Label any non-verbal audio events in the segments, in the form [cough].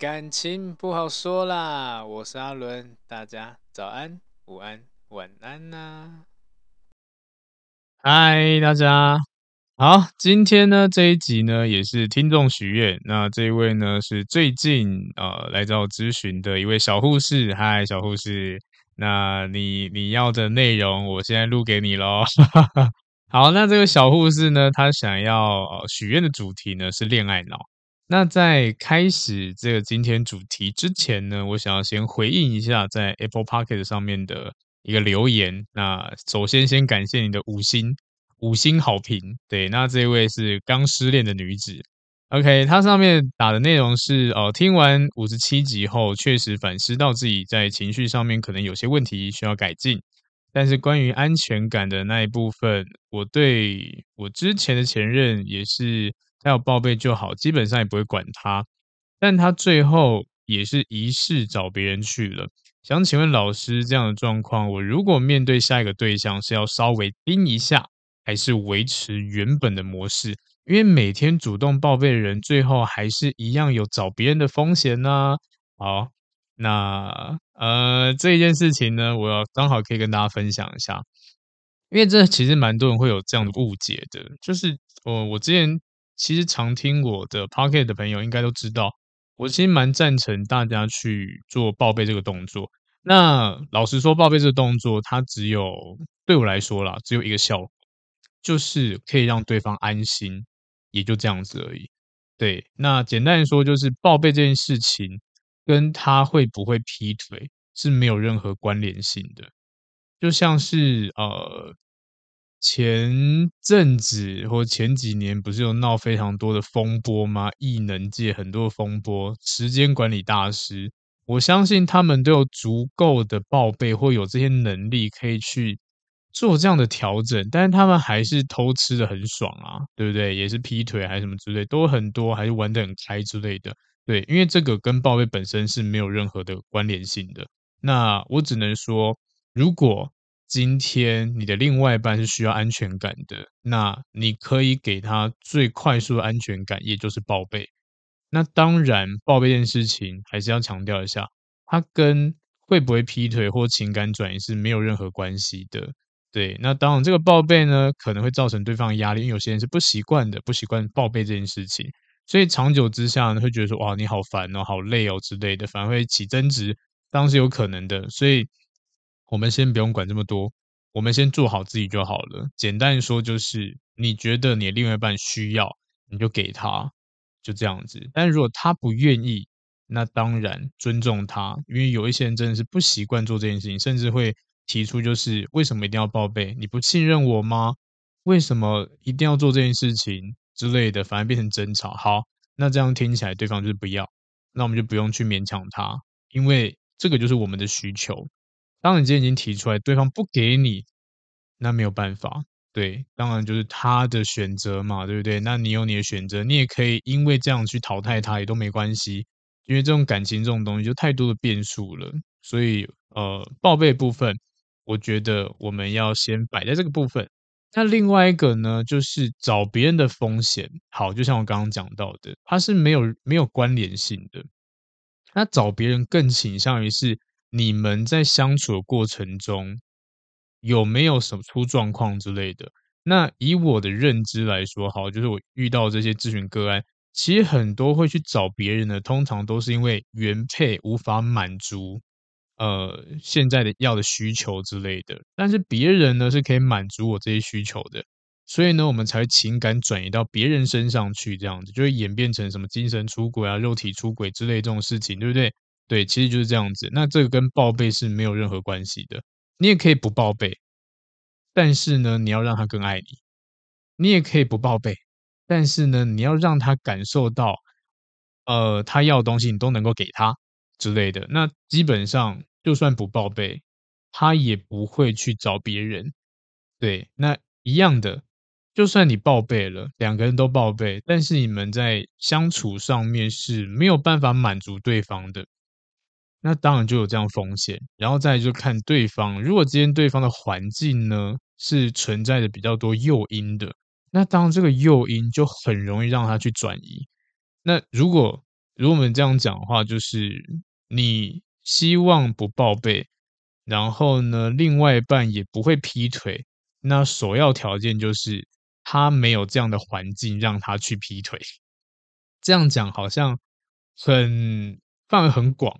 感情不好說啦，我是阿倫，大家早安、午安、晚安吶、啊！嗨，大家好，今天呢這一集呢也是聽眾許願，那這一位呢是最近啊、呃、來找我諮詢的一位小護士，嗨，小護士，那你你要的內容，我現在錄給你嘍。 [laughs] 好，那這個小護士呢，他想要許願、呃、的主題呢是戀愛腦。那在開始這個今天主題之前呢，我想要先回應一下在 Apple Pocket 上面的一個留言。那首先先感謝你的五星五星好評。對，那這位是剛失戀的女子。OK，她上面打的內容是：哦、呃，聽完五十七集後，確實反思到自己在情緒上面可能有些問題需要改進。但是關於安全感的那一部分，我對我之前的前任也是。他有報備就好，基本上也不會管他。但他最後也是疑似找別人去了。想請問老師，這樣的狀況，我如果面對下一個對象，是要稍微盯一下，還是維持原本的模式？因為每天主動報備的人，最後還是一樣有找別人的風險呢、啊。好，那呃，這一件事情呢，我剛好可以跟大家分享一下，因為這其實蠻多人會有這樣的誤解的，就是我、呃，我之前。其實常聽我的 Podcast 的朋友應該都知道，我其實蠻贊成大家去做報備這個動作。那老實說，報備這個動作，它只有對我來說啦，只有一個效果，就是可以讓對方安心，也就這樣子而已。對，那簡單說就是報備這件事情，跟他會不會劈腿是沒有任何關聯性的，就像是呃。前陣子或前幾年不是有鬧非常多的風波嗎？藝能界很多風波，時間管理大師，我相信他們都有足夠的報備或有這些能力可以去做這樣的調整，但是他們還是偷吃的很爽啊，對不對？也是劈腿還是什麼之類，都很多，還是玩得很開之類的，對，因為這個跟報備本身是沒有任何的關聯性的。那我只能說，如果。今天你的另外一半是需要安全感的，那你可以給他最快速的安全感，也就是報備。那當然，報備這件事情還是要強調一下，它跟會不會劈腿或情感轉移是沒有任何關係的。對，那當然，這個報備呢，可能會造成對方壓力，因為有些人是不習慣的，不習慣報備這件事情，所以長久之下呢，會覺得說哇，你好煩哦，好累哦之類的，反而會起爭執，當然是有可能的。所以。我們先不用管這麼多，我們先做好自己就好了。簡單說就是，你覺得你的另外一半需要，你就給他，就這樣子。但是如果他不願意，那當然尊重他，因為有一些人真的是不習慣做這件事情，甚至會提出就是為什麼一定要報備？你不信任我嗎？為什麼一定要做這件事情之類的，反而變成爭吵。好，那這樣聽起來對方就是不要，那我們就不用去勉強他，因為這個就是我們的需求。當然，你今天已經提出來，對方不給你，那沒有辦法。對，當然就是他的選擇嘛，對不對？那你有你的選擇，你也可以因為這樣去淘汰他，也都沒關係。因為這種感情，這種東西就太多的變數了。所以，呃，報備部分，我覺得我們要先擺在這個部分。那另外一個呢，就是找別人的風險。好，就像我剛剛講到的，他是沒有沒有關聯性的。他找別人更傾向於是。你們在相處的過程中有沒有什麼出狀況之類的？那以我的認知來說，好，就是我遇到這些諮詢個案，其實很多會去找別人的，通常都是因為原配無法滿足，呃，現在的要的需求之類的。但是別人呢是可以滿足我這些需求的，所以呢，我們才情感轉移到別人身上去，這樣子就會演變成什麼精神出軌啊、肉體出軌之類這種事情，對不對？對，其實就是這樣子。那這個跟報備是沒有任何關係的。你也可以不報備，但是呢，你要讓他更愛你。你也可以不報備，但是呢，你要讓他感受到，呃，他要的東西你都能夠給他之類的。那基本上就算不報備，他也不會去找別人。對，那一樣的，就算你報備了，兩個人都報備，但是你們在相處上面是沒有辦法滿足對方的。那當然就有這樣風險，然後再來就看對方，如果今天對方的環境呢，是存在着比較多誘因的，那當這個誘因就很容易讓他去轉移。那如果如果我們這樣講的話，就是你希望不報備，然後呢，另外一半也不會劈腿，那首要條件就是他沒有這樣的環境讓他去劈腿。這樣講好像很範圍很廣。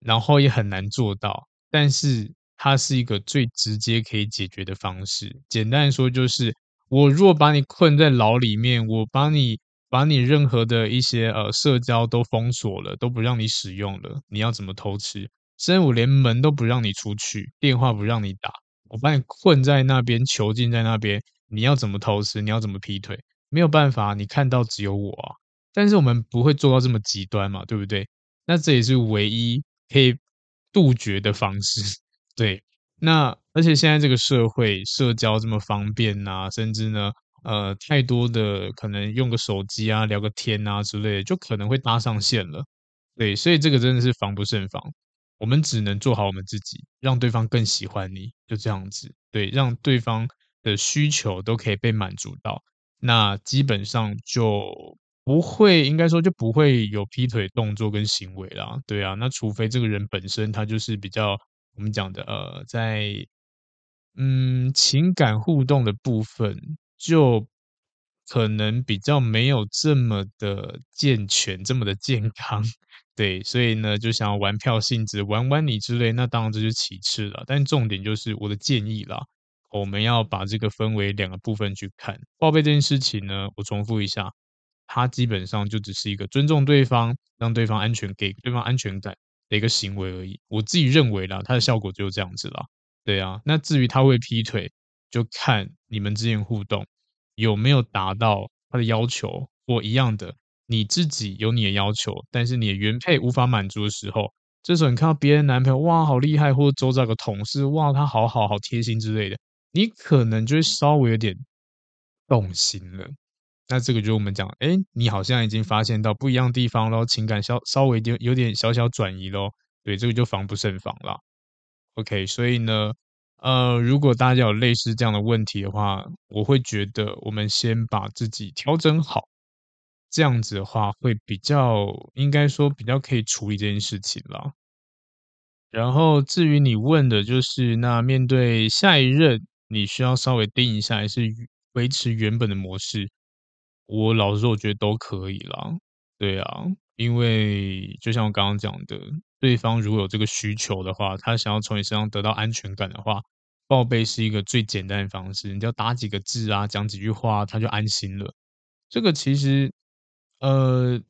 然後也很難做到，但是它是一個最直接可以解決的方式。簡單說就是，我如果把你困在牢裡面，我把你把你任何的一些呃社交都封鎖了，都不讓你使用了，你要怎麼偷吃？甚至我連門都不讓你出去，電話不讓你打，我把你困在那邊，囚禁在那邊，你要怎麼偷吃？你要怎麼劈腿？沒有辦法，你看到只有我啊。但是我們不會做到這麼極端嘛，對不對？那這也是唯一。可以杜絕的方式，對。那而且現在這個社會社交這麼方便啊，甚至呢，呃，太多的可能用個手機啊，聊個天啊之類的，就可能會搭上線了，對。所以這個真的是防不勝防，我們只能做好我們自己，讓對方更喜歡你，就這樣子，對，讓對方的需求都可以被滿足到，那基本上就。不會，應該說就不會有劈腿動作跟行為啦。對啊，那除非這個人本身他就是比較我們講的呃，在嗯情感，互動的部分就可能比較沒有這麼的健全、這麼的健康。對，所以呢，就想要玩票性質、玩玩你之類，那當然這就其次了。但重點就是我的建議啦，我們要把這個分為兩個部分去看報備這件事情呢。我重複一下。他基本上就只是一個尊重對方、讓對方安全給、給對方安全感的一個行為而已。我自己認為啦，他的效果就這樣子啦。對啊，那至於他會劈腿，就看你們之間互動有沒有達到他的要求或一樣的。你自己有你的要求，但是你的原配無法滿足的時候，這時候你看到別人男朋友哇好厲害，或者周遭的同事哇他好好好貼心之類的，你可能就會稍微有點動心了。那這個就是我們講，誒你好像已經發現到不一樣的地方咯，情感稍稍微就有點小小轉移咯。對，這個就防不勝防啦。OK，所以呢，呃，如果大家有類似這樣的問題的話，我會覺得我們先把自己調整好，這樣子的話會比較，應該說比較可以處理這件事情了。然後至於你問的，就是那面對下一任，你需要稍微盯一下，還是維持原本的模式？我老實說，我覺得都可以啦，對啊，因為就像我剛剛講的，對方如果有這個需求的話，他想要從你身上得到安全感的話，報備是一個最簡單的方式，你就打幾個字啊，講幾句話啊，他就安心了。這個其實呃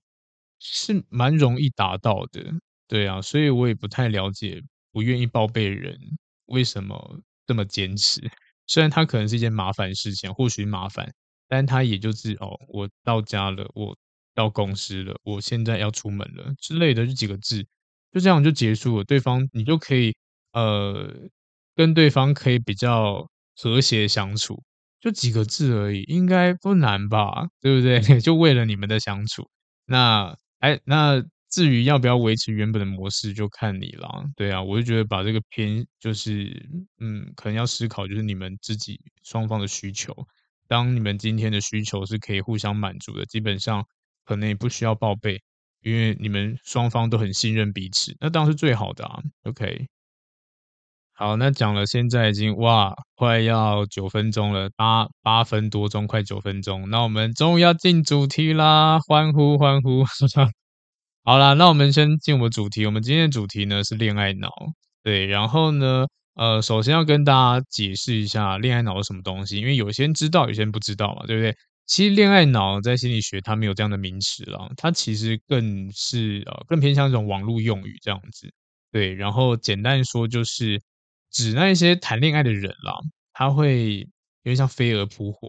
是蠻容易達到的，對啊，所以我也不太了解不願意報備的人為什麼這麼堅持，雖然他可能是一件麻煩事情，或許麻煩。但是他也就是哦，我到家了，我到公司了，我現在要出門了之類的，就幾個字，就這樣就結束了。對方你就可以呃，跟對方可以比較和諧相處，就幾個字而已，應該不難吧？對不對？就為了你們的相處，那哎，那至於要不要維持原本的模式，就看你了。對啊，我就覺得把這個偏就是嗯，可能要思考，就是你們自己雙方的需求。當你們今天的需求是可以互相滿足的，基本上可能也不需要報備，因為你們雙方都很信任彼此，那當然是最好的啊。OK，好，那講了現在已經哇快要九分鐘了，八八分多鐘，快九分鐘，那我們終於要進主題啦，歡呼歡呼！ [laughs] 好啦，那我們先進我主題，我們今天的主題呢是戀愛腦，對，然後呢？呃，首先要跟大家解釋一下戀愛腦是什麼東西，因為有些人知道，有些人不知道嘛，對不對？其實戀愛腦在心理學它沒有這樣的名詞啦，它其實更是呃，更偏向一種網絡用語這樣子。對，然後簡單說就是指那一些談戀愛的人啦，他會因為像飛蛾撲火，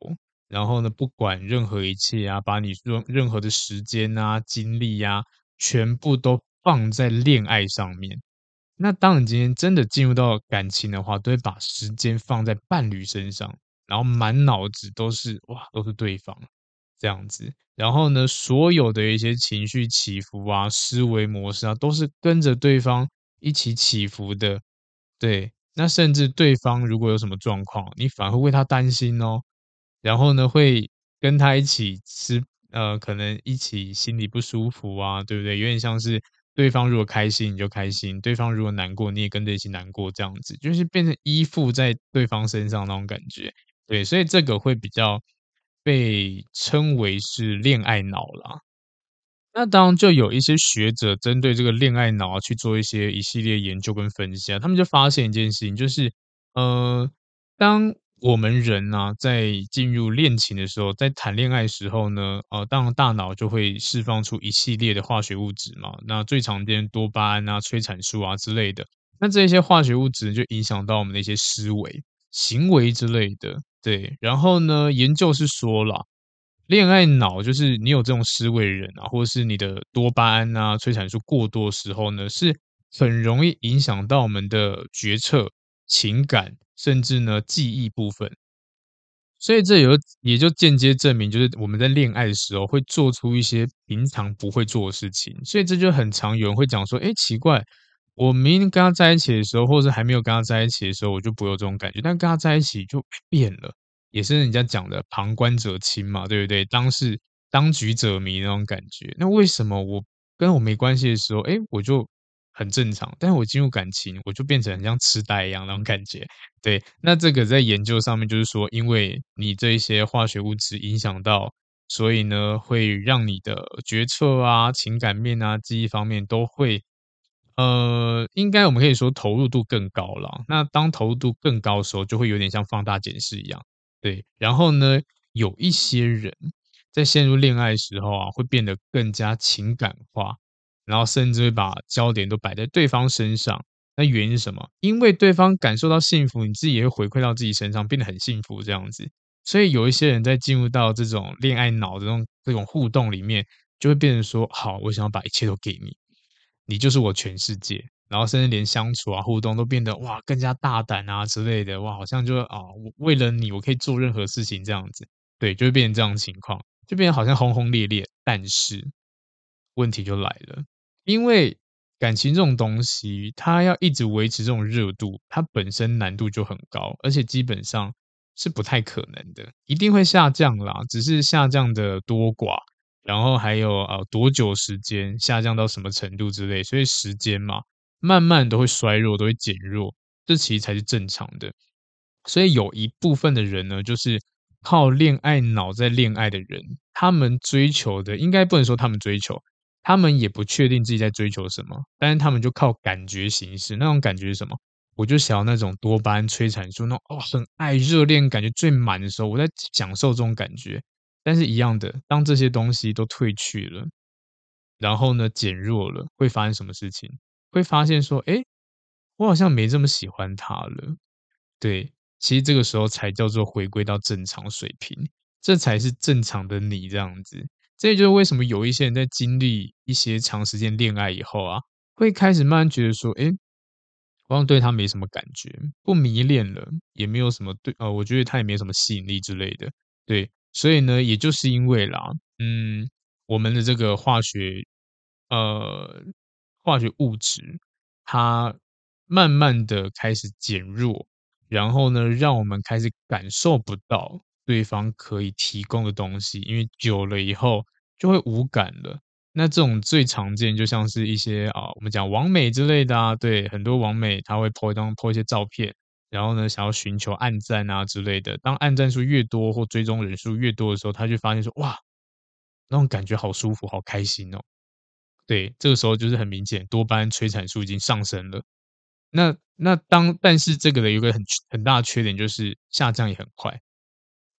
然後呢不管任何一切啊，把你任任何的時間啊、精力啊，全部都放在戀愛上面。那當你今天真的進入到感情的話，都會把時間放在伴侶身上，然後滿腦子都是哇，都是對方這樣子。然後呢，所有的一些情緒起伏啊、思維模式啊，都是跟着對方一起起伏的。對，那甚至對方如果有什麼狀況，你反而會為他擔心哦。然後呢，會跟他一起吃，呃，可能一起心裡不舒服啊，對不對？有點像是。對方如果開心，你就開心；對方如果難過，你也跟着一起難過。這樣子就是變成依附在對方身上那種感覺，對，所以這個會比較被稱為是戀愛腦啦。那當然，就有一些學者針對這個戀愛腦、啊、去做一些一系列研究跟分析、啊，他們就發現一件事情，就是，嗯、呃，當。我們人啊，在進入戀情的時候，在談戀愛的時候呢，呃，當大腦就會釋放出一系列的化學物質嘛。那最常見多巴胺啊、催產素啊之類的。那這些化學物質就影響到我們的一些思維、行為之類的。對，然後呢，研究是說了，戀愛腦就是你有這種思維人啊，或是你的多巴胺啊、催產素過多的時候呢，是很容易影響到我們的決策。情感，甚至呢，記憶部分，所以這有也就間接證明，就是我們在戀愛的時候會做出一些平常不會做的事情，所以這就很常有人會講說：“哎、欸，奇怪，我明明跟他在一起的時候，或者還沒有跟他在一起的時候，我就不會有這種感覺，但跟他在一起就、欸、變了。”也是人家講的“旁觀者清”嘛，對不對？“當事當局者迷”那種感覺。那為什麼我跟我沒關係的時候，哎、欸，我就？很正常，但是我進入感情，我就變成很像癡呆一樣那種感覺。對，那這個在研究上面就是說，因為你這一些化學物質影響到，所以呢，會讓你的決策啊、情感面啊、記憶方面都會，呃，應該我們可以說投入度更高了。那當投入度更高的時候，就會有點像放大檢視一樣。對，然後呢，有一些人在陷入戀愛的時候啊，會變得更加情感化。然後甚至會把焦點都擺在對方身上，那原因是什麼？因為對方感受到幸福，你自己也會回饋到自己身上，變得很幸福這樣子。所以有一些人在進入到這種戀愛腦的這種這種互動裡面，就會變成說：“好，我想要把一切都給你，你就是我全世界。”然後甚至連相處啊、互動都變得哇更加大膽啊之類的哇，好像就是啊、哦，我為了你，我可以做任何事情這樣子。對，就會變成這樣的情況，就變成好像轟轟烈烈，但是問題就來了。因為感情這種東西，它要一直維持這種熱度，它本身難度就很高，而且基本上是不太可能的，一定會下降啦，只是下降的多寡，然後還有啊、呃、多久時間下降到什麼程度之類，所以時間嘛，慢慢都會衰弱，都會減弱，這其實才是正常的。所以有一部分的人呢，就是靠戀愛腦在戀愛的人，他們追求的，應該不能說他們追求。他們也不確定自己在追求什麼，但是他們就靠感覺行事。那種感覺是什麼？我就想要那種多巴胺催產素，那種哦，很愛熱戀、熱戀感覺最滿的時候，我在享受這種感覺。但是一樣的，當這些東西都褪去了，然後呢，減弱了，會發生什麼事情？會發現說，哎、欸，我好像沒這麼喜歡他了。對，其實這個時候才叫做回歸到正常水平，這才是正常的你這樣子。這也就是為什麼有一些人在經歷一些長時間戀愛以後啊，會開始慢慢覺得說，哎，好像對他沒什麼感覺，不迷戀了，也沒有什麼對，呃，我覺得他也沒有什麼吸引力之類的，對。所以呢，也就是因為啦，嗯，我們的這個化學，呃，化學物質，它慢慢的開始減弱，然後呢，讓我們開始感受不到。對方可以提供的東西，因為久了以後就會無感了。那這種最常見，就像是一些啊，我們講網美之類的啊，對，很多網美他會 po 一張 po 一些照片，然後呢，想要尋求按讚啊之類的。當按讚數越多或追蹤人數越多的時候，他就發現說，哇，那種感覺好舒服，好開心哦。對，這個時候就是很明顯，多巴胺催產素已經上升了。那那當但是這個的有個很很大的缺點就是下降也很快。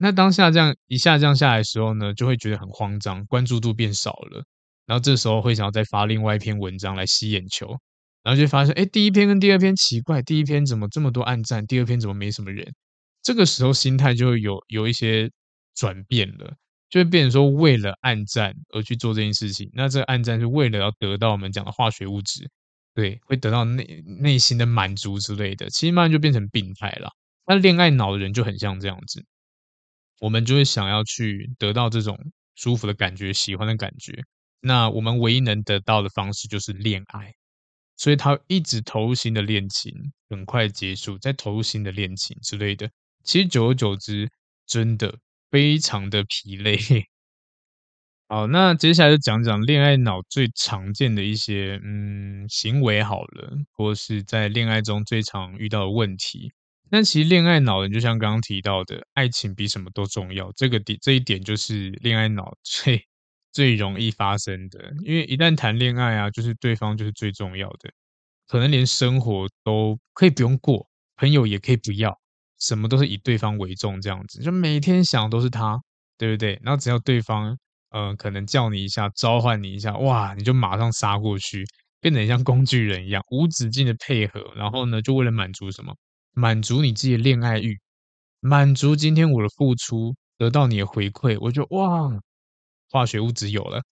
那當下這樣，一下降下來的時候呢，就會覺得很慌張，關注度變少了，然後這時候會想要再發另外一篇文章來吸眼球，然後就發現，哎，第一篇跟第二篇奇怪，第一篇怎麼這麼多按讚，第二篇怎麼沒什麼人？這個時候心態就會有有一些轉變了，就會變成說為了按讚而去做這件事情。那這個按讚是為了要得到我們講的化學物質，對，會得到內內心的滿足之類的，其實慢慢就變成病態了。那戀愛腦的人就很像這樣子。我們就會想要去得到這種舒服的感覺、喜歡的感覺。那我們唯一能得到的方式就是戀愛，所以他一直投入新的戀情，很快結束，再投入新的戀情之類的。其實久而久之，真的非常的疲累。 [laughs] 好，那接下來就講講戀愛腦最常見的一些，嗯，行為好了，或是在戀愛中最常遇到的問題。但其實戀愛腦人就像剛剛提到的，愛情比什麼都重要。這個點，這一點就是戀愛腦最最容易發生的。因為一旦談戀愛啊，就是對方就是最重要的，可能連生活都可以不用過，朋友也可以不要，什麼都是以對方為重，這樣子就每天想都是他，對不對？然後只要對方，嗯、呃，可能叫你一下，召喚你一下，哇，你就馬上殺過去，變得像工具人一樣，無止境的配合。然後呢，就為了滿足什麼？滿足你自己的戀愛慾，滿足今天我的付出，得到你的回饋，我就哇，化學物質有了，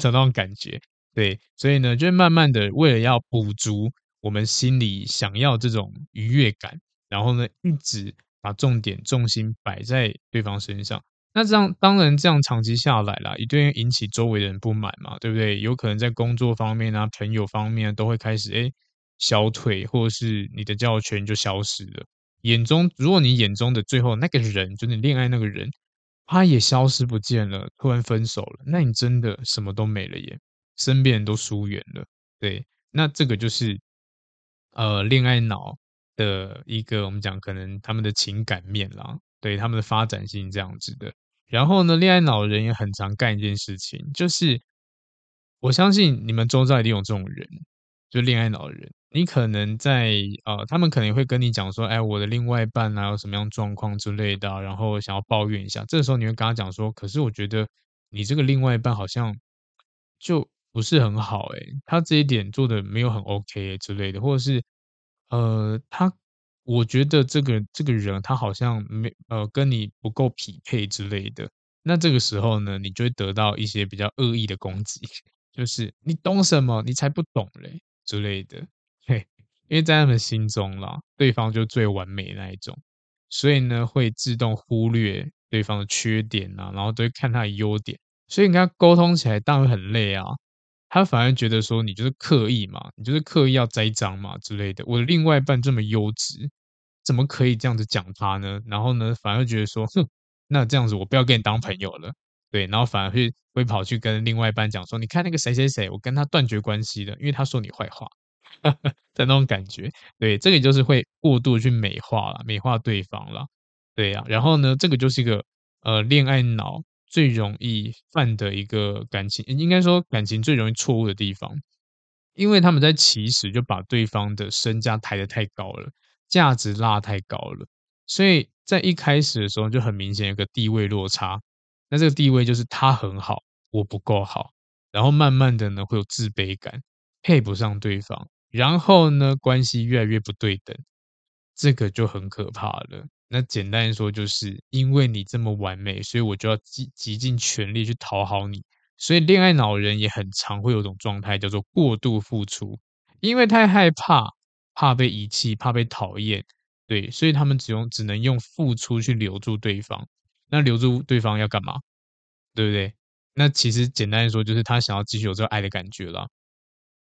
找到那種感覺。對，所以呢，就慢慢的為了要補足我們心裡想要這種愉悅感，然後呢，一直把重點重心擺在對方身上。那這樣當然這樣長期下來了，一定會引起周圍的人不滿嘛，對不對？有可能在工作方面啊，朋友方面啊，都會開始誒、欸消退，小腿，或者是你的交友圈就消失了。眼中，如果你眼中的最後那個人，就是你戀愛那個人，他也消失不見了，突然分手了，那你真的什麼都沒了耶，身邊人都疏遠了。對，那這個就是呃，戀愛腦的一個我們講可能他們的情感面啦，對，他們的發展性這樣子的。然後呢，戀愛腦的人也很常幹一件事情，就是我相信你們周遭一定有這種人，就戀愛腦的人。你可能在呃，他們可能會跟你講說，哎，我的另外一半啊，有什麼樣狀況之類的啊，然後想要抱怨一下。這個時候你會跟他講說，可是我覺得你這個另外一半好像就不是很好欸，誒，他這一點做的沒有很 OK 之類的，或者是呃，他我覺得這個這個人他好像沒呃跟你不夠匹配之類的。那這個時候呢，你就會得到一些比較惡意的攻擊，就是你懂什麼？你才不懂嘞之類的。因為在他們心中啦，對方就最完美那一種，所以呢，會自動忽略對方的缺點吶、啊，然後都會看他的優點，所以你跟他溝通起來當然很累啊。他反而覺得說你就是刻意嘛，你就是刻意要栽贓嘛之類的。我的另外一半這麼優質，怎麼可以這樣子講他呢？然後呢，反而會覺得說哼，那這樣子我不要跟你當朋友了，對，然後反而會會跑去跟另外一半講說，你看那個誰誰誰，我跟他斷絕關係的，因為他說你壞話。哈哈的那種感覺，對，這個就是會過度去美化了，美化對方了，對呀、啊。然後呢，這個就是一個呃戀愛腦最容易犯的一個感情，應該說感情最容易錯誤的地方，因為他們在起始就把對方的身價抬得太高了，價值拉太高了，所以在一開始的時候就很明顯有一個地位落差。那這個地位就是他很好，我不夠好，然後慢慢的呢會有自卑感，配不上對方。然後呢，關係越來越不對等，這個就很可怕了。那簡單說，就是因為你這麼完美，所以我就要竭竭盡全力去討好你。所以戀愛腦人也很常會有種狀態，叫做過度付出，因為太害怕，怕被遺棄，怕被討厭，對，所以他們只用只能用付出去留住對方。那留住對方要幹嘛？對不對？那其實簡單說，就是他想要繼續有這個愛的感覺了。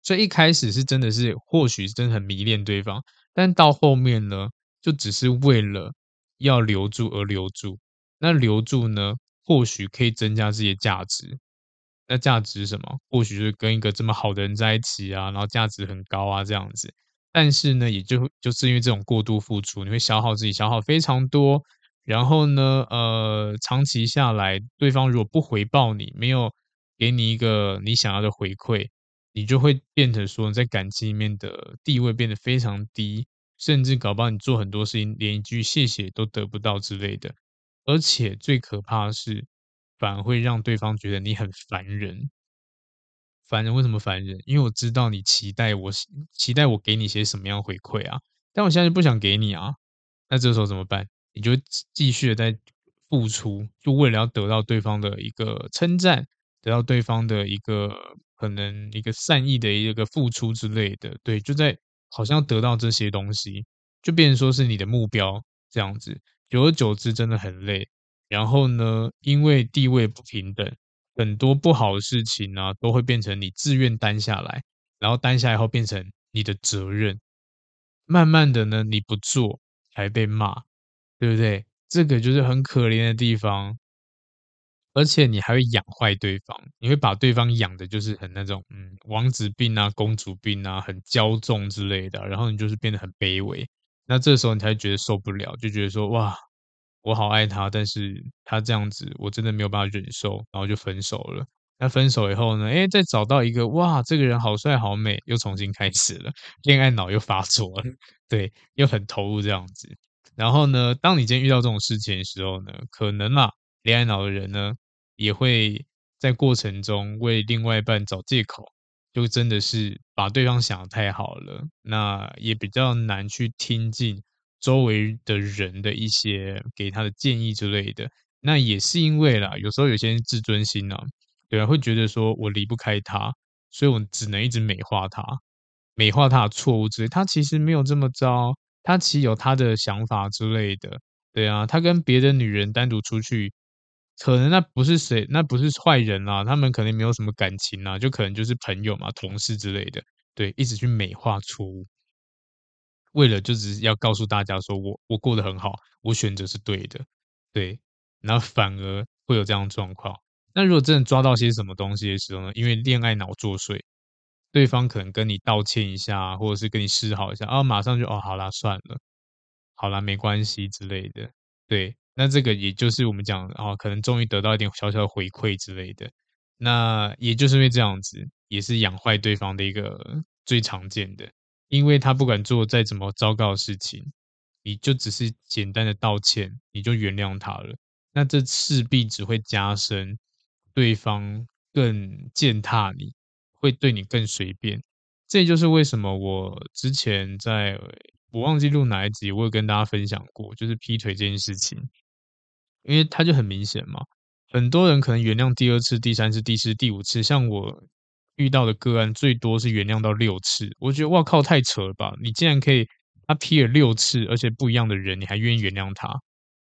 所以一開始是真的是，或許是真的很迷戀對方，但到後面呢，就只是為了要留住而留住。那留住呢，或許可以增加自己的價值。那價值是什麼？或許是跟一個這麼好的人在一起啊，然後價值很高啊這樣子。但是呢，也就就是因為這種過度付出，你會消耗自己，消耗非常多。然後呢，呃，長期下來，對方如果不回報你，沒有給你一個你想要的回饋。你就會變成說，你在感情裡面的地位變得非常低，甚至搞不好你做很多事情，連一句謝謝都得不到之類的。而且最可怕的是，反而會讓對方覺得你很煩人。煩人，為什麼煩人？因為我知道你期待我，期待我給你些什麼樣回饋啊，但我現在就不想給你啊。那這時候怎麼辦？你就繼續的在付出，就為了要得到對方的一個稱讚，得到對方的一個。可能一個善意的一個付出之類的，對，就在好像得到這些東西，就變成說是你的目標這樣子，久而久之真的很累。然後呢，因為地位不平等，很多不好的事情呢，啊，都會變成你自願擔下來，然後擔下來後變成你的責任。慢慢的呢，你不做還被罵，對不對？這個就是很可憐的地方。而且你還會養壞對方，你會把對方養的，就是很那種，嗯，王子病啊，公主病啊，很驕縱之類的。然後你就是變得很卑微，那這時候你才會覺得受不了，就覺得說，哇，我好愛他，但是他這樣子，我真的沒有辦法忍受，然後就分手了。那分手以後呢，誒，再找到一個，哇，這個人好帥好美，又重新開始了，戀愛腦又發作了， [laughs] 對，又很投入這樣子。然後呢，當你今天遇到這種事情的時候呢，可能啊，戀愛腦的人呢。也會在過程中為另外一半找借口，就真的是把對方想得太好了，那也比較難去聽進周圍的人的一些給他的建議之類的。那也是因為啦，有時候有些人自尊心呢、啊，對啊，會覺得說我離不開他，所以我只能一直美化他，美化他的錯誤之類。他其實沒有這麼糟，他其實有他的想法之類的，對啊，他跟別的女人單獨出去。可能那不是誰，那不是壞人啦、啊，他們可能沒有什麼感情啊，就可能就是朋友嘛、同事之類的，對，一直去美化錯誤，為了就只是要告訴大家說我我過得很好，我選擇是對的，對，那反而會有這樣的狀況。那如果真的抓到些什麼東西的時候呢？因為戀愛腦作祟，對方可能跟你道歉一下、啊，或者是跟你示好一下啊，馬上就哦，好啦，算了，好啦，沒關係之類的，對。那這個也就是我們講啊、哦，可能終於得到一點小小的回饋之類的。那也就是因為這樣子，也是養壞對方的一個最常見的，因為他不管做再怎麼糟糕的事情，你就只是簡單的道歉，你就原諒他了。那這勢必只會加深對方更踐踏你，會對你更隨便。這就是為什麼我之前在我忘記錄哪一集，我有跟大家分享過，就是劈腿這件事情。因為他就很明顯嘛，很多人可能原諒第二次、第三次、第四、第五次，像我遇到的個案最多是原諒到六次。我覺得哇靠，太扯了吧！你竟然可以他劈了六次，而且不一樣的人，你還願意原諒他？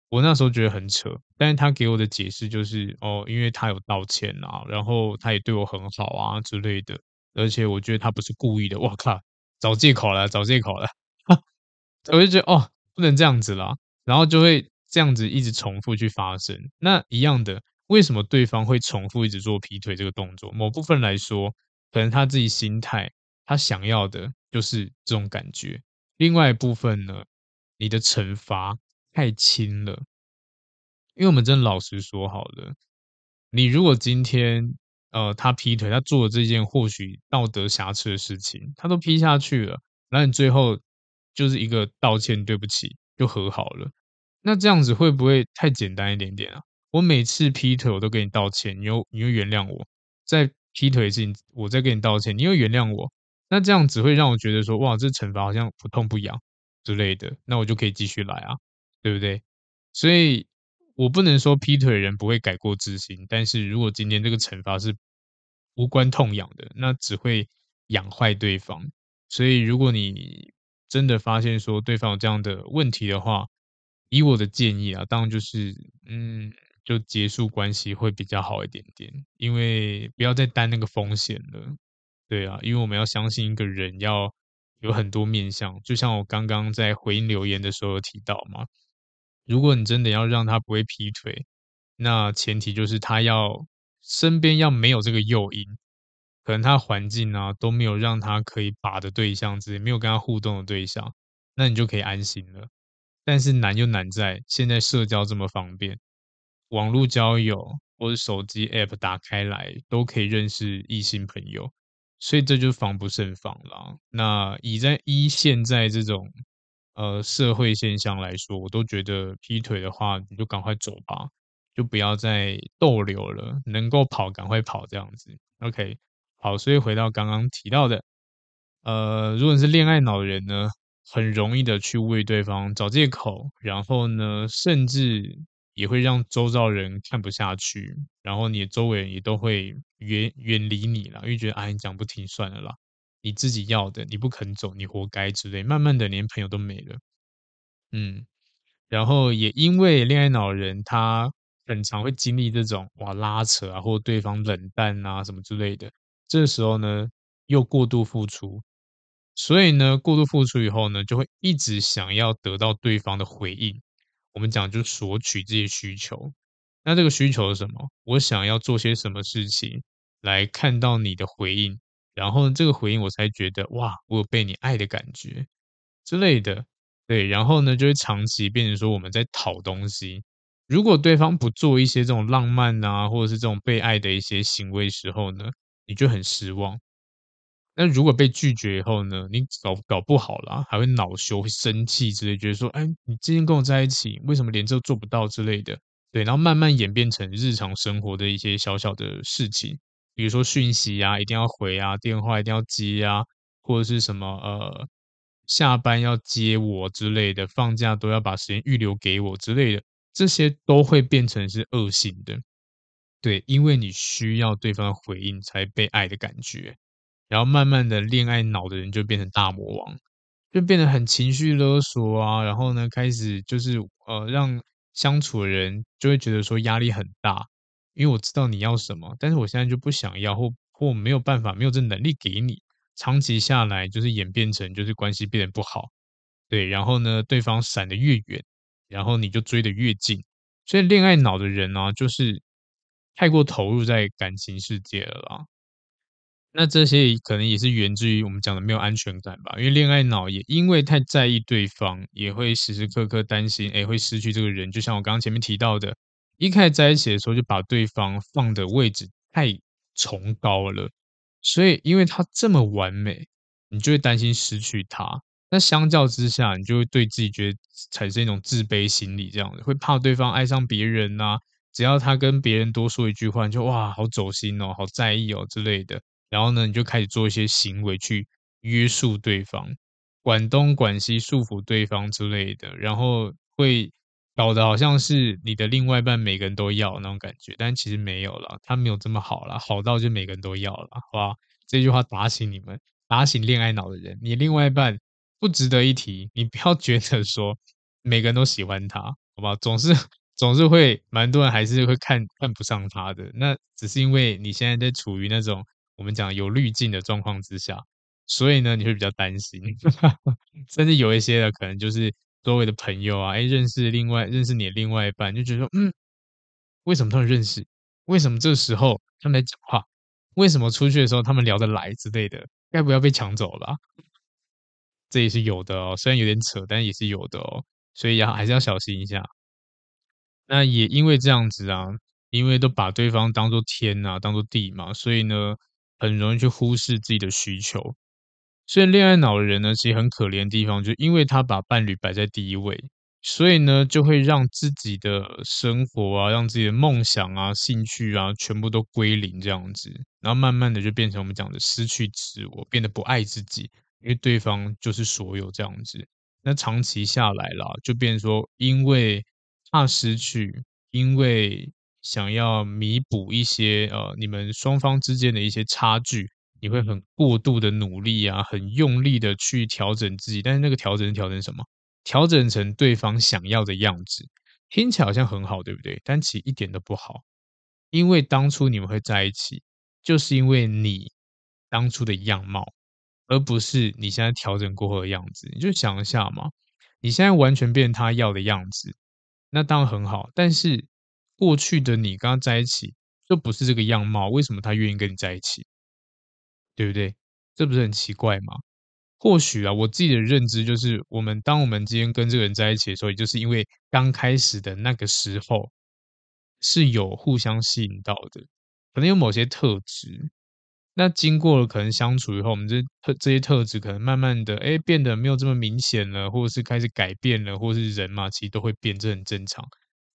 我那時候覺得很扯，但是他給我的解釋就是哦，因為他有道歉啊，然後他也對我很好啊之類的，而且我覺得他不是故意的。哇靠，找借口了，找借口了、啊！我就覺得哦，不能這樣子啦，然後就會。這樣子一直重複去發生，那一樣的，為什麼對方會重複一直做劈腿這個動作？某部分來說，可能他自己心態，他想要的就是這種感覺。另外一部分呢，你的懲罰太輕了。因為我們真的老實說好了，你如果今天呃他劈腿，他做了這件或許道德瑕疵的事情，他都劈下去了，然後你最後就是一個道歉，對不起，就和好了。那這樣子會不會太簡單一點點啊？我每次劈腿我都給你道歉，你又你又原諒我，在劈腿時我再給你道歉，你又原諒我，那這樣子會讓我覺得說哇，這懲罰好像不痛不癢之類的，那我就可以繼續來啊，對不對？所以，我不能說劈腿人不會改過自新，但是如果今天這個懲罰是無關痛癢的，那只會養壞對方。所以，如果你真的發現說對方有這樣的問題的話，以我的建議啊，當然就是，嗯，就結束關係會比較好一點點，因為不要再擔那個風險了，對啊，因為我們要相信一個人要有很多面向，就像我剛剛在回應留言的時候有提到嘛，如果你真的要讓他不會劈腿，那前提就是他要身邊要沒有這個誘因，可能他環境啊，都沒有讓他可以把的對象，自己沒有跟他互動的對象，那你就可以安心了。但是難又難在，現在社交這麼方便，網絡交友或者手機 APP 打開來都可以認識異性朋友，所以這就防不勝防啦。那以在一現在這種呃社會現象來說，我都覺得劈腿的話，你就趕快走吧，就不要再逗留了，能夠跑趕快跑這樣子。OK，好，所以回到剛剛提到的，呃，如果你是戀愛腦人呢，很容易的去為對方找借口，然後呢，甚至也會讓周遭人看不下去，然後你周圍也都會遠遠離你了，因為覺得哎，啊、你講不聽算了啦，你自己要的你不肯走，你活該之類，慢慢的連朋友都沒了。嗯，然後也因為戀愛腦的人，他很常會經歷這種哇拉扯啊，或對方冷淡啊什麼之類的，這個、時候呢，又過度付出。所以呢，過度付出以後呢，就會一直想要得到對方的回應。我們講就索取自己需求。那這個需求是什麼？我想要做些什麼事情，來看到你的回應，然後這個回應我才覺得哇，我有被你愛的感覺之類的。對，然後呢，就會長期變成說我們在討東西。如果對方不做一些這種浪漫啊，或者是這種被愛的一些行為時候呢，你就很失望。那如果被拒絕以後呢？你搞搞不好啦，還會惱羞、會生氣之類，覺得說：“哎，你今天跟我在一起，為什麼連這都做不到之類的？”對，然後慢慢演變成日常生活的一些小小的事情，比如說訊息啊，一定要回啊，電話一定要接啊，或者是什麼呃，下班要接我之類的，放假都要把時間預留給我之類的，這些都會變成是惡性的。對，因為你需要對方的回應才被愛的感覺。然後慢慢的，戀愛腦的人就變成大魔王，就變得很情緒勒索啊。然後呢，開始就是呃，讓相處的人就會覺得說壓力很大，因為我知道你要什麼，但是我現在就不想要，或或沒有辦法，沒有這能力給你。長期下來，就是演變成就是關係變得不好，對。然後呢，對方閃得越遠，然後你就追得越近。所以戀愛腦的人啊，就是太過投入在感情世界了啦。那這些可能也是源自於我們講的沒有安全感吧，因為戀愛腦也因為太在意對方，也會時時刻刻擔心，哎、欸，會失去這個人。就像我剛剛前面提到的，一開始在一起的時候，就把對方放的位置太崇高了，所以因為他這麼完美，你就會擔心失去他。那相較之下，你就會對自己覺得產生一種自卑心理，這樣子會怕對方愛上別人啊，只要他跟別人多說一句話，你就哇，好走心哦，好在意哦之類的。然後呢，你就開始做一些行為去約束對方，管東管西，束縛對方之類的，然後會搞得好像是你的另外一半每個人都要那種感覺，但其實沒有啦，他沒有這麼好啦，好到就每個人都要啦，好吧？這句話打醒你們，打醒戀愛腦的人，你另外一半不值得一提，你不要覺得說每個人都喜歡他，好吧？總是總是會蠻多人還是會看看不上他的，那只是因為你現在在處於那種。我們講有濾鏡的狀況之下，所以呢，你會比較擔心， [laughs] 甚至有一些的可能就是周圍的朋友啊，誒、欸、認識另外，認識你的另外一半，就覺得說，嗯，為什麼他們認識？為什麼這時候他們在講話？為什麼出去的時候他們聊得來之類的？該不要被搶走了？啊？這也是有的哦，雖然有點扯，但也是有的哦，所以啊，還是要小心一下。那也因為這樣子啊，因為都把對方當做天啊，當做地嘛，所以呢。很容易去忽視自己的需求，所以戀愛腦的人呢，其實很可憐的地方，就是因為他把伴侶擺在第一位，所以呢，就會讓自己的生活啊，讓自己的夢想啊、興趣啊，全部都歸零這樣子，然後慢慢的就變成我們講的失去自我，變得不愛自己，因為對方就是所有這樣子。那長期下來啦，就變成說，因為怕失去，因為。想要彌補一些呃，你們雙方之間的一些差距，你會很過度的努力啊，很用力的去調整自己，但是那個調整調整什麼？調整成對方想要的樣子，聽起來好像很好，對不對？但其實一點都不好，因為當初你們會在一起，就是因為你當初的樣貌，而不是你現在調整過後的樣子。你就想一下嘛，你現在完全變他要的樣子，那當然很好，但是。過去的你跟他在一起就不是這個樣貌，為什麼他願意跟你在一起？對不對？這不是很奇怪嗎？或許啊，我自己的認知就是，我們當我們之間跟這個人在一起的時候，也就是因為剛開始的那個時候是有互相吸引到的，可能有某些特質。那經過了可能相處以後，我們這這些特質可能慢慢的，哎，變得沒有這麼明顯了，或者是開始改變了，或是人嘛，其實都會變，這很正常。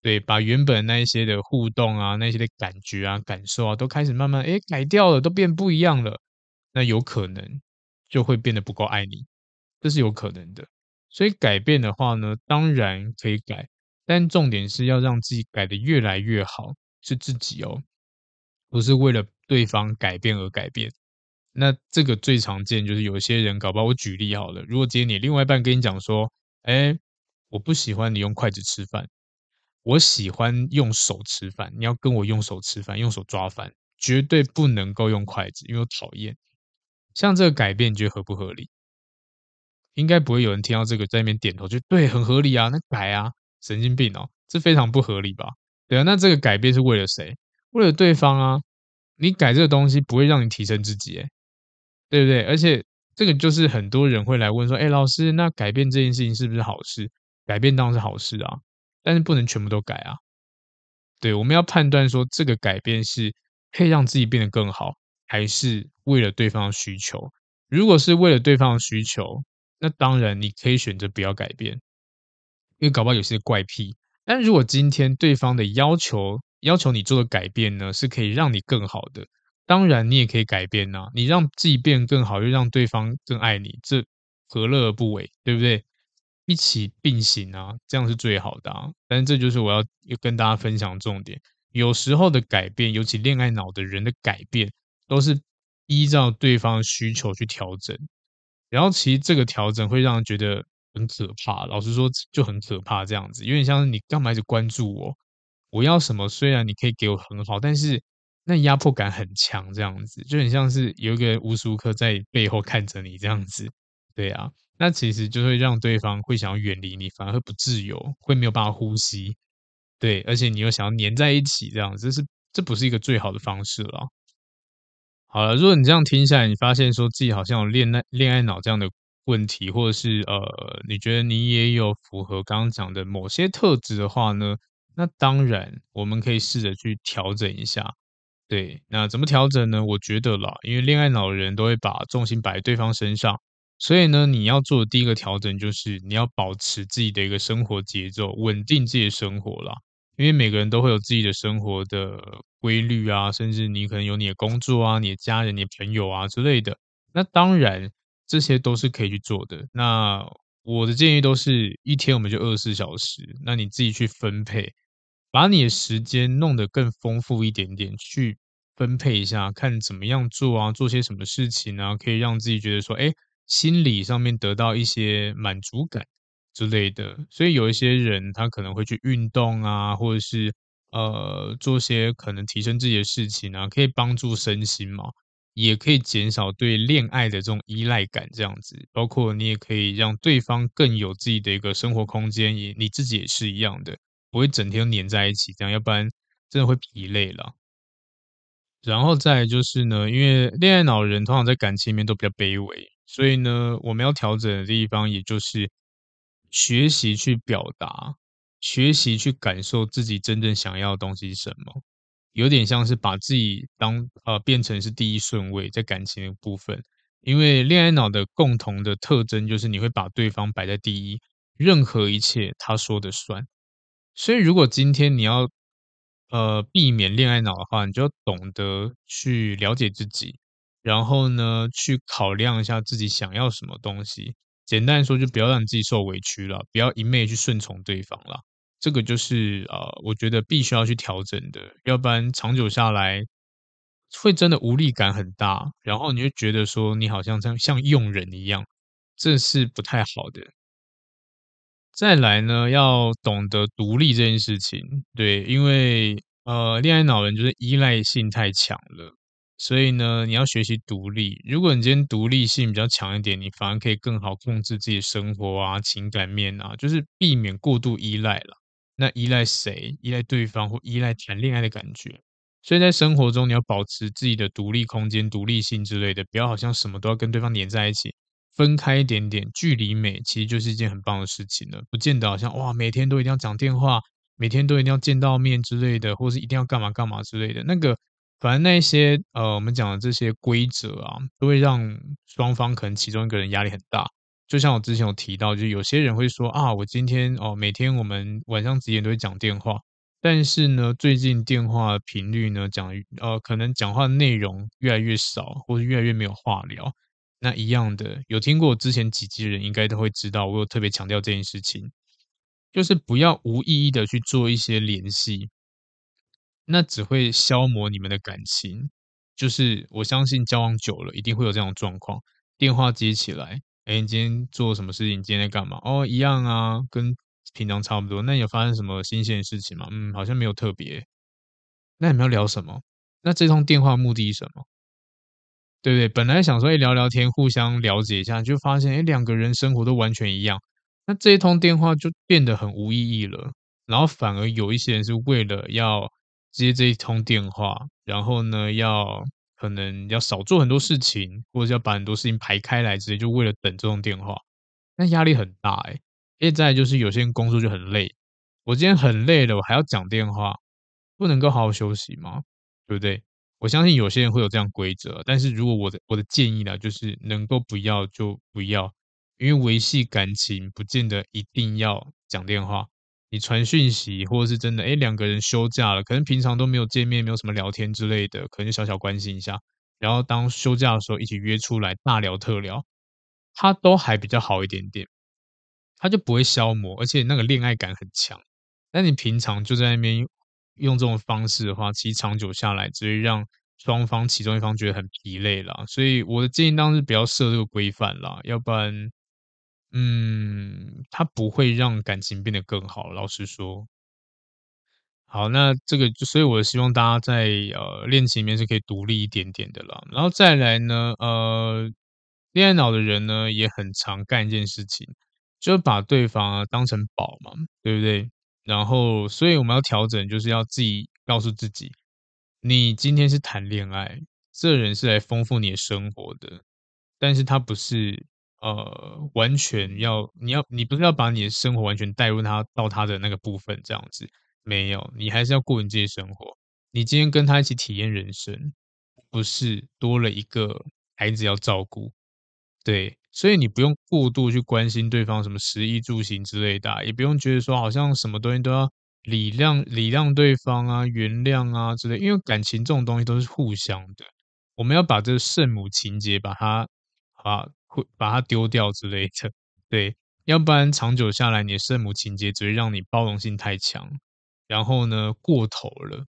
對，把原本那一些的互動啊，那些的感覺啊、感受啊，都開始慢慢，誒，改掉了，都變不一樣了。那有可能就會變得不夠愛你，這是有可能的。所以改變的話呢，當然可以改，但重點是要讓自己改的越來越好，是自己哦，不是為了對方改變而改變。那這個最常見就是有些人搞不好，我舉例好了，如果今天你另外一半跟你講說，誒，我不喜歡你用筷子吃飯。我喜歡用手吃飯，你要跟我用手吃飯，用手抓飯，絕對不能夠用筷子，因為我討厭。像這個改變，你覺得合不合理？應該不會有人聽到這個在那邊點頭，就對，很合理啊，那改啊，神經病哦，這非常不合理吧？對啊，那這個改變是為了誰？為了對方啊。你改這個東西不會讓你提升自己，誒，對不對？而且這個就是很多人會來問說，誒，老師，那改變這件事情是不是好事？改變當然是好事啊。但是不能全部都改啊，對，我們要判斷說這個改變是可以讓自己變得更好，還是為了對方的需求。如果是為了對方的需求，那當然你可以選擇不要改變，因為搞不好有些怪癖。但如果今天對方的要求要求你做的改變呢，是可以讓你更好的，當然你也可以改變呢、啊，你讓自己變得更好，又讓對方更愛你，這何樂而不為？對不對？一起並行啊，這樣是最好的。啊。但是這就是我要跟大家分享重點。有時候的改變，尤其戀愛腦的人的改變，都是依照對方的需求去調整。然後其實這個調整會讓人覺得很可怕。老實說，就很可怕這樣子，有點像是你幹嘛一直關注我，我要什麼？雖然你可以給我很好，但是那壓迫感很強。這樣子就很像是有一個人無時無刻在背後看着你這樣子。對啊。那其實就會讓對方會想要遠離你，反而會不自由，會沒有辦法呼吸，對，而且你又想要黏在一起這樣子，這是，這不是一個最好的方式了。好了，如果你這樣聽下來，你發現說自己好像有戀愛戀愛腦這樣的問題，或者是呃，你覺得你也有符合剛剛講的某些特質的話呢，那當然我們可以試着去調整一下，對，那怎麼調整呢？我覺得啦，因為戀愛腦的人都會把重心擺在對方身上。所以呢，你要做的第一個調整就是你要保持自己的一個生活節奏，穩定自己的生活啦。因為每個人都會有自己的生活的規律啊，甚至你可能有你的工作啊、你的家人、你的朋友啊之類的。那當然這些都是可以去做的。那我的建議都是一天我們就二十四小時，那你自己去分配，把你的時間弄得更豐富一點點，去分配一下，看怎麼樣做啊，做些什麼事情啊，可以讓自己覺得說，哎、欸。心理上面得到一些滿足感之類的，所以有一些人他可能會去運動啊，或者是呃做些可能提升自己的事情啊，可以幫助身心嘛，也可以減少對戀愛的這種依賴感這樣子。包括你也可以讓對方更有自己的一個生活空間，也你自己也是一樣的，不會整天黏在一起這樣，要不然真的會疲累了。然後再來就是呢，因為戀愛腦的人通常在感情面都比較卑微。所以呢，我們要調整的地方，也就是學習去表達，學習去感受自己真正想要的東西是什麼？有點像是把自己當呃變成是第一順位在感情的部分，因為戀愛腦的共同的特徵就是你會把對方擺在第一，任何一切他說的算。所以如果今天你要呃避免戀愛腦的話，你就要懂得去了解自己。然後呢，去考量一下自己想要什麼東西。簡單說，就不要讓自己受委屈了，不要一昧去順從對方了。這個就是呃，我覺得必須要去調整的，要不然長久下來會真的無力感很大，然後你就覺得說你好像這樣像用人一樣，這是不太好的。再來呢，要懂得獨立這件事情，對，因為呃，戀愛腦人就是依賴性太強了。所以呢，你要學習獨立。如果你今天獨立性比較強一點，你反而可以更好控制自己的生活啊、情感面啊，就是避免過度依賴了。那依賴誰？依賴對方，或依賴談戀愛的感覺。所以在生活中，你要保持自己的獨立空間、獨立性之類的，不要好像什麼都要跟對方黏在一起，分開一點點，距離美，其實就是一件很棒的事情了。不見得好像哇，每天都一定要講電話，每天都一定要見到面之類的，或是一定要幹嘛幹嘛之類的。那個。反正那些呃，我們講的這些規則啊，都會讓雙方可能其中一個人壓力很大。就像我之前有提到，就是有些人會說啊，我今天哦，呃，每天我們晚上幾點都會講電話，但是呢，最近電話頻率呢，講呃，可能講話的內容越來越少，或者越來越沒有話聊。那一樣的，有聽過我之前幾集的人，應該都會知道，我有特別強調這件事情，就是不要無意義的去做一些聯繫。那只會消磨你們的感情，就是我相信交往久了，一定會有這種狀況。電話接起來，哎，你今天做什麼事情？你今天在幹嘛？哦，一樣啊，跟平常差不多。那你有發生什麼新鮮的事情嗎？嗯，好像沒有特別。那你們要聊什麼？那這通電話的目的是什麼？對不對？本來想說聊聊天，互相了解一下，就發現哎，兩個人生活都完全一樣。那這一通電話就變得很無意義了。然後反而有一些人是為了要。接這一通電話，然後呢，要可能要少做很多事情，或者，要把很多事情排開來，直接就為了等這種電話，那壓力很大欸。現在就是有些人工作就很累，我今天很累了，我還要講電話，不能夠好好休息嗎？對不對？我相信有些人會有這樣規則，但是如果我的我的建議呢，就是能夠不要就不要，因為維繫感情不見得一定要講電話。你傳訊息，或者是真的，欸，兩個人休假了，可能平常都沒有見面，沒有什麼聊天之類的，可能就小小關心一下，然後當休假的時候一起約出來大聊特聊，他都還比較好一點點，他就不會消磨，而且那個戀愛感很強。那你平常就在那邊用這種方式的話，其實長久下來只會讓雙方其中一方覺得很疲累了。所以我的建議當然是比較適合這個規範啦，要不然。嗯，他不會讓感情變得更好，老實說，好，那這個，所以我希望大家在呃戀情裡面是可以獨立一點點的啦。然後再來呢，呃，戀愛腦的人呢也很常幹一件事情，就把對方啊當成寶嘛，對不對？然後，所以我們要調整，就是要自己告訴自己，你今天是談戀愛，這人是來豐富你的生活的，但是他不是。呃，完全要你要你不是要把你的生活完全帶入他到他的那個部分這樣子，沒有，你還是要過你自己的生活。你今天跟他一起體驗人生，不是多了一個孩子要照顧，對，所以你不用過度去關心對方什麼食衣住行之類的，也不用覺得說好像什麼東西都要禮讓禮讓對方啊，原諒啊之類，因為感情這種東西都是互相的。我們要把這個聖母情結把它啊。好會把它丟掉之類的，對，要不然長久下來，你的聖母情結只會讓你包容性太強，然後呢，過頭了，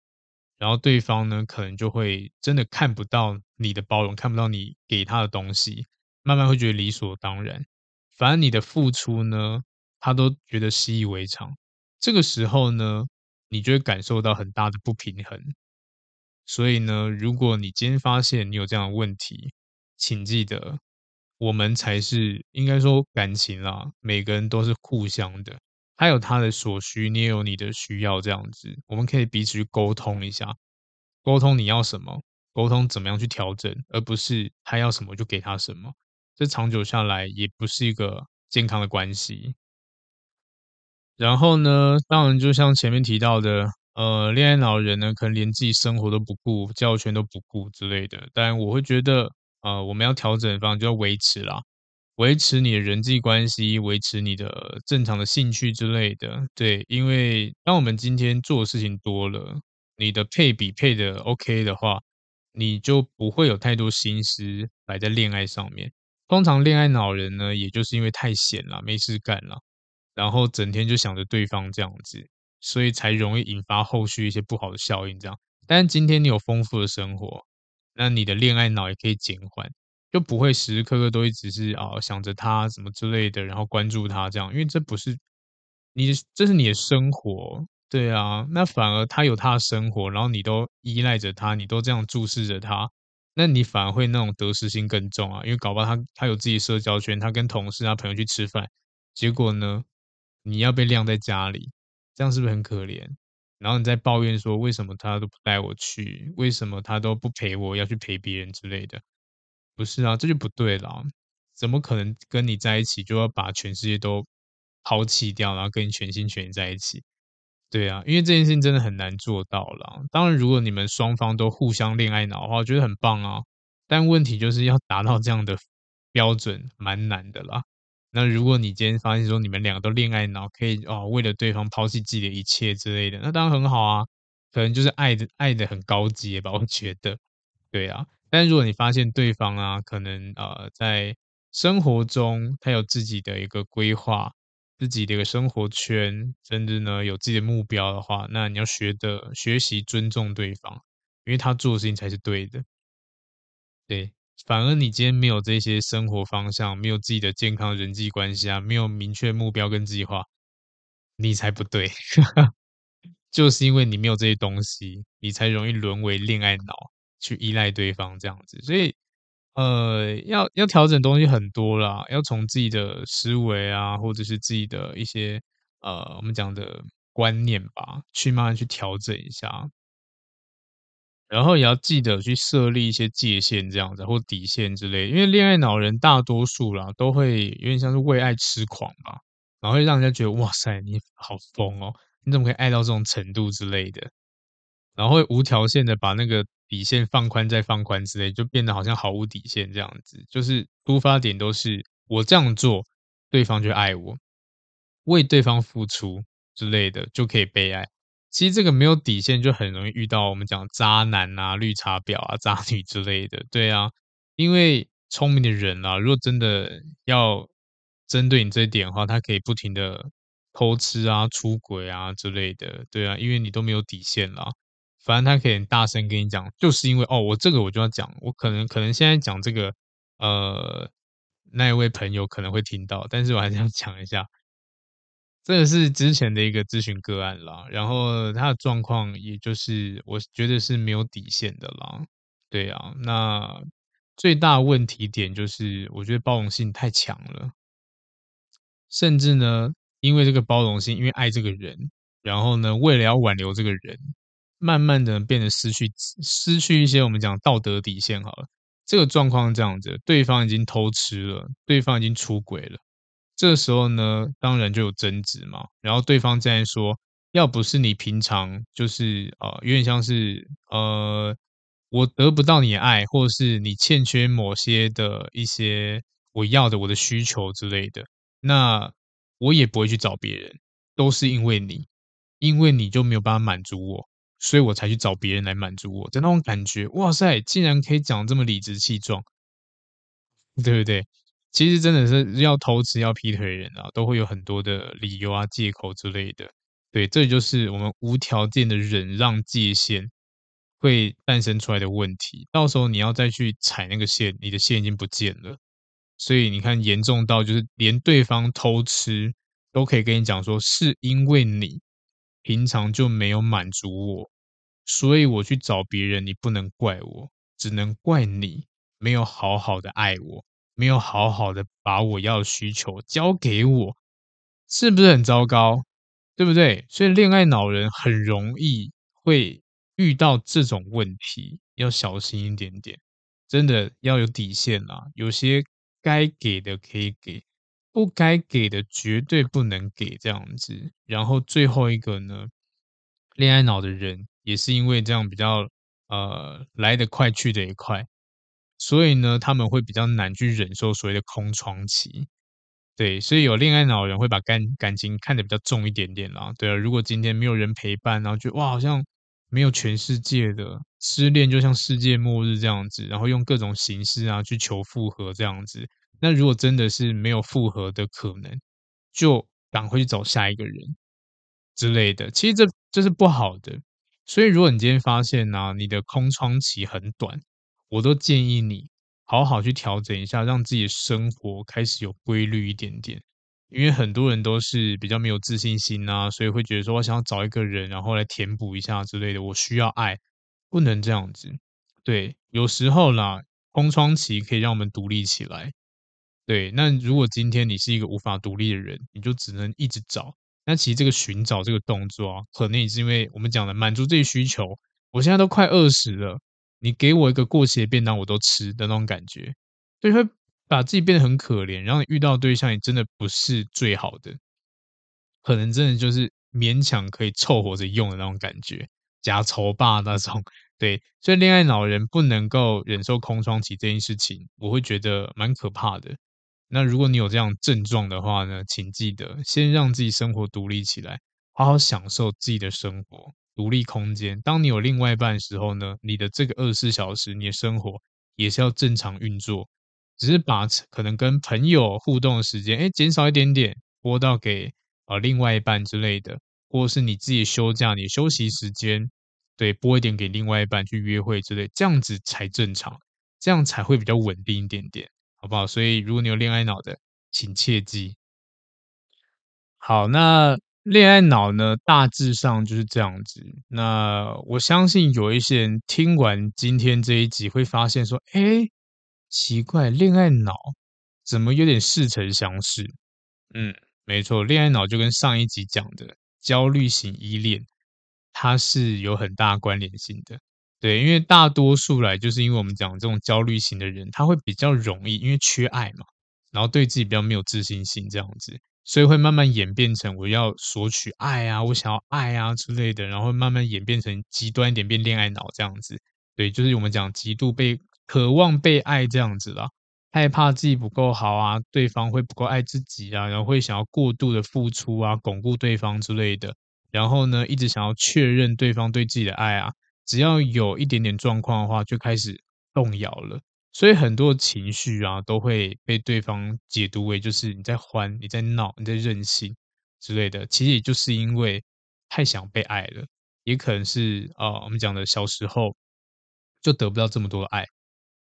然後對方呢，可能就會真的看不到你的包容，看不到你給他的東西，慢慢會覺得理所當然，反而你的付出呢，他都覺得習以為常，這個時候呢，你就會感受到很大的不平衡。所以呢，如果你今天發現你有這樣的問題，請記得。我們才是應該說感情啦，每個人都是互相的，他有他的所需，你也有你的需要，這樣子我們可以彼此去溝通一下，溝通你要什麼，溝通怎麼樣去調整，而不是他要什麼就給他什麼，這長久下來也不是一個健康的關係。然後呢，當然就像前面提到的，呃，戀愛腦人呢，可能連自己生活都不顧，交圈都不顧之類的，但我會覺得。呃，我們要調整，反正就要維持啦，維持你的人際關係，維持你的正常的興趣之類的，對。因為當我們今天做的事情多了，你的配比配的 OK 的話，你就不會有太多心思擺在戀愛上面。通常戀愛腦人呢，也就是因為太閒了，沒事幹了，然後整天就想着對方這樣子，所以才容易引發後續一些不好的效應這樣。但是今天你有豐富的生活。那你的戀愛腦也可以減緩，就不會時時刻刻都一直是啊想着他什麼之類的，然後關注他這樣，因為這不是你，這是你的生活，對啊。那反而他有他的生活，然後你都依賴着他，你都這樣注視着他，那你反而會那種得失心更重啊。因為搞不好他他有自己社交圈，他跟同事啊朋友去吃飯，結果呢你要被晾在家裡，這樣是不是很可憐？然後你再抱怨說為什麼他都不帶我去，為什麼他都不陪我要去陪別人之類的，不是啊，這就不對了。怎麼可能跟你在一起就要把全世界都拋棄掉，然後跟你全心全意在一起？對啊，因為這件事情真的很難做到了。當然，如果你們雙方都互相戀愛腦的話，我覺得很棒啊。但問題就是要達到這樣的標準，蠻難的啦。那如果你今天發現說你們兩個都戀愛腦，然後可以哦，為了對方拋棄自己的一切之類的，那當然很好啊，可能就是愛的愛的很高級吧，我覺得，對啊。但如果你發現對方啊，可能呃，在生活中他有自己的一個規劃，自己的一個生活圈，甚至呢有自己的目標的話，那你要學的學習尊重對方，因為他做的事情才是對的，對。反而你今天沒有這些生活方向，沒有自己的健康人際關係啊，沒有明確目標跟計劃，你才不對。 [laughs] 就是因為你沒有這些東西，你才容易淪為戀愛腦，去依賴對方這樣子。所以，呃，要要調整東西很多啦，要從自己的思維啊，或者是自己的一些呃我們講的觀念吧，去慢慢去調整一下。然後也要記得去設立一些界限，這樣子或底線之類，因為戀愛腦人大多數啦都會有點像是為愛痴狂吧，然後會讓人家覺得哇塞，你好瘋哦，你怎麼可以愛到這種程度之類的，然後會無條件的把那個底線放寬再放寬之類，就變得好像毫無底線這樣子。就是出發點都是我這樣做，對方就愛我，為對方付出之類的就可以被愛。其實這個沒有底線，就很容易遇到我們講渣男啊、綠茶婊啊、渣女之類的，對啊，因為聰明的人啊，如果真的要針對你這一點的話，他可以不停的偷吃啊、出軌啊之類的，對啊，因為你都沒有底線啦。反正他可以很大聲跟你講，就是因為哦，我這個我就要講，我可能可能現在講這個，呃，那一位朋友可能會聽到，但是我還是要講一下。這是之前的一個諮詢個案啦，然後他的狀況也就是我覺得是沒有底線的啦，對啊，那最大問題點就是我覺得包容性太強了，甚至呢，因為這個包容性，因為愛這個人，然後呢，為了要挽留這個人，慢慢的變得失去，失去一些我們講道德底線好了，這個狀況這樣子，對方已經偷吃了，對方已經出軌了。這時候呢，當然就有爭執嘛。然後對方再說：“要不是你平常就是啊、呃，有點像是呃，我得不到你的愛，或者是你欠缺某些的一些我要的我的需求之類的，那我也不會去找別人，都是因為你，因為你就沒有辦法滿足我，所以我才去找別人來滿足我的那種感覺。哇塞，竟然可以講這麼理直氣壯，對不對？”其實真的是要偷吃要劈腿的人啊，都會有很多的理由啊、借口之類的。對，這就是我們無條件的忍讓界限會誕生出來的問題。到時候你要再去踩那個線，你的線已經不見了。所以你看，嚴重到就是連對方偷吃都可以跟你講說，是因為你平常就沒有滿足我，所以我去找別人。你不能怪我，只能怪你沒有好好的愛我。沒有好好的把我要的需求交給我，是不是很糟糕？對不對？所以戀愛腦人很容易會遇到這種問題，要小心一點點，真的要有底線啊！有些該給的可以給，不該給的絕對不能給這樣子。然後最後一個呢，戀愛腦的人也是因為這樣比較呃，來得快去得也快。所以呢，他們會比較難去忍受所謂的空窗期，對，所以有戀愛腦人會把感感情看得比較重一點點啦。對啊，如果今天沒有人陪伴、啊，然後就哇，好像沒有全世界的失戀，就像世界末日這樣子，然後用各種形式啊去求復合這樣子。那如果真的是沒有復合的可能，就趕快去找下一個人之類的。其實這這是不好的。所以如果你今天發現啊，你的空窗期很短。我都建議你好好去調整一下，讓自己的生活開始有規律一點點。因為很多人都是比較沒有自信心啊，所以會覺得說，我想要找一個人，然後來填補一下之類的。我需要愛，不能這樣子。對，有時候啦，空窗期可以讓我們獨立起來。對，那如果今天你是一個無法獨立的人，你就只能一直找。那其實這個尋找這個動作啊，可能也是因為我們講的滿足這些需求。我現在都快二十了。你給我一個過期的便當，我都吃的那種感覺，所以會把自己變得很可憐。然後遇到對象，也真的不是最好的，可能真的就是勉強可以湊合着用的那種感覺，假仇霸那種。對，所以戀愛腦的人不能夠忍受空窗期這件事情，我會覺得蠻可怕的。那如果你有這樣症狀的話呢，請記得先讓自己生活獨立起來，好好享受自己的生活。獨立空間，當你有另外一半的時候呢，你的這個二十四小時，你的生活也是要正常運作，只是把可能跟朋友互動的時間，哎、欸，減少一點點，撥到給呃另外一半之類的，或是你自己休假，你休息時間，對，撥一點給另外一半去約會之類，這樣子才正常，這樣才會比較穩定一點點，好不好？所以如果你有戀愛腦的，請切記。好，那。戀愛腦呢，大致上就是這樣子。那我相信有一些人聽完今天這一集，會發現說：“哎，奇怪，戀愛腦怎麼有點似曾相識？”嗯，沒錯，戀愛腦就跟上一集講的焦慮型依戀，它是有很大關聯性的。對，因為大多數來就是因為我們講這種焦慮型的人，他會比較容易，因為缺愛嘛，然後對自己比較沒有自信心，這樣子。所以會慢慢演變成我要索取愛啊，我想要愛啊之類的，然後慢慢演變成極端一點，變戀愛腦這樣子。對，就是我們講極度被渴望被愛這樣子啦，害怕自己不夠好啊，對方會不夠愛自己啊，然後會想要過度的付出啊，鞏固對方之類的，然後呢，一直想要確認對方對自己的愛啊，只要有一點點狀況的話，就開始動搖了。所以很多情緒啊，都會被對方解讀為就是你在歡，你在鬧，你在任性之類的。其實也就是因為太想被愛了，也可能是啊、呃，我們講的小時候就得不到這麼多愛，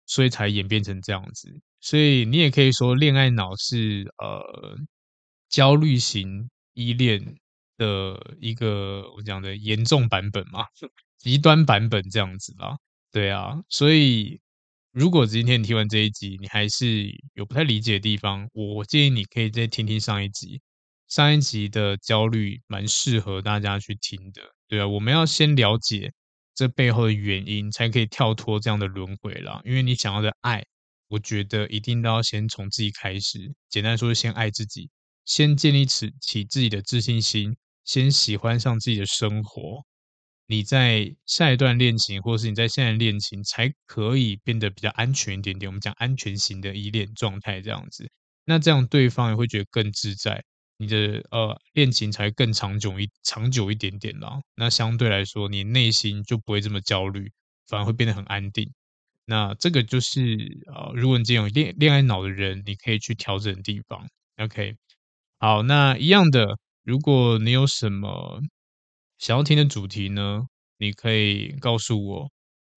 所以才演變成這樣子。所以你也可以說戀腦，戀愛腦是呃焦慮型依戀的一個我講的嚴重版本嘛，極端版本這樣子啦。對啊，所以。如果今天你聽完這一集，你還是有不太理解的地方，我建議你可以再聽聽上一集。上一集的焦慮蠻適合大家去聽的，對啊，我們要先了解這背後的原因，才可以跳脫這樣的輪迴啦。因為你想要的愛，我覺得一定都要先從自己開始。簡單說，先愛自己，先建立起起自己的自信心，先喜歡上自己的生活。你在下一段戀情，或者是你在現在戀情，才可以變得比較安全一點點。我們講安全型的依戀狀態這樣子，那這樣對方也會覺得更自在，你的呃戀情才更長久一長久一點點啦。那相對來說，你內心就不會這麼焦慮，反而會變得很安定。那這個就是呃，如果你這種戀戀愛腦的人，你可以去調整的地方。OK，好，那一樣的，如果你有什麼。想要聽的主題呢，你可以告訴我，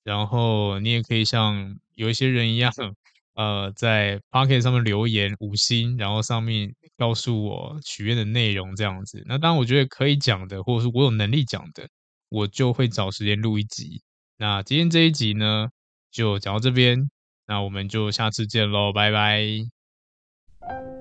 然後你也可以像有一些人一樣，呃，在 Podcast 上面留言五星，然後上面告訴我許願的內容這樣子。那當然，我覺得可以講的，或者是我有能力講的，我就會找時間錄一集。那今天這一集呢，就講到這邊，那我們就下次見嘍，拜拜。